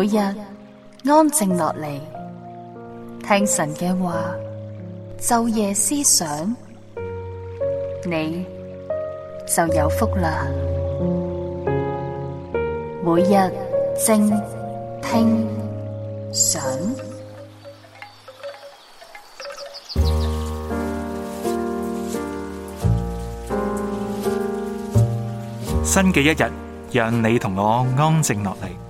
每日安靜落嚟，聽神嘅話，晝夜思想，你就有福啦。每日靜聽想，新嘅一日，讓你同我安靜落嚟。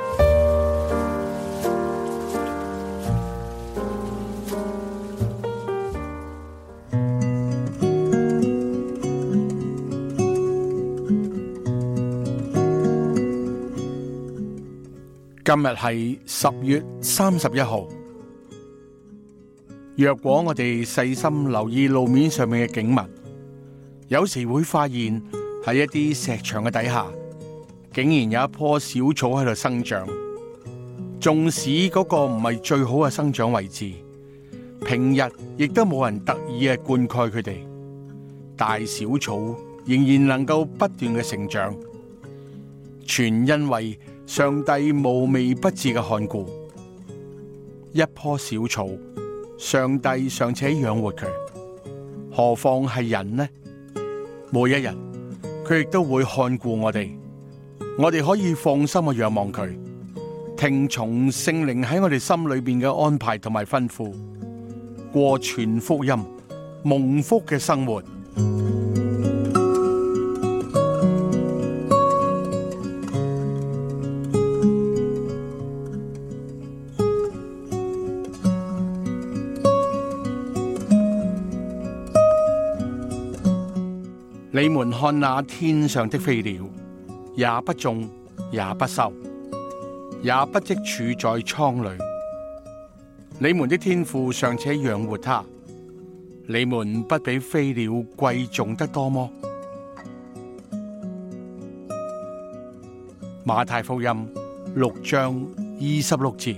今日係十月三十一號。若果我哋細心留意路面上面嘅景物，有時會發現喺一啲石牆嘅底下，竟然有一棵小草喺度生長。縱使嗰個唔係最好嘅生長位置，平日亦都冇人特意嘅灌溉佢哋，大小草仍然能夠不斷嘅成長，全因為。上帝無微不至嘅看顧，一棵小草，上帝尚且養活佢，何況係人呢？每一日佢亦都會看顧我哋，我哋可以放心去仰望佢，聽從聖靈喺我哋心裏邊嘅安排同埋吩咐，過全福音蒙福嘅生活。你們看那天上的飛鳥，也不種也不收，也不積儲在倉裏。你們的天父尚且養活它，你們不比飛鳥貴重得多麼？馬太福音六章二十六節。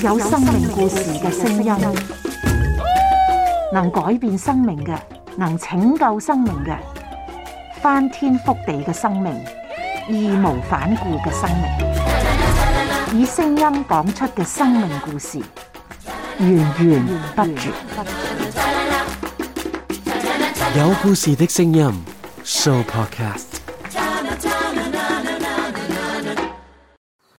有生命故事嘅聲音，能改變生命嘅，能拯救生命嘅，翻天覆地嘅生命，義無反顧嘅生命，以聲音講出嘅生命故事，源源不絕。有故事嘅聲音，Sooo Podcast。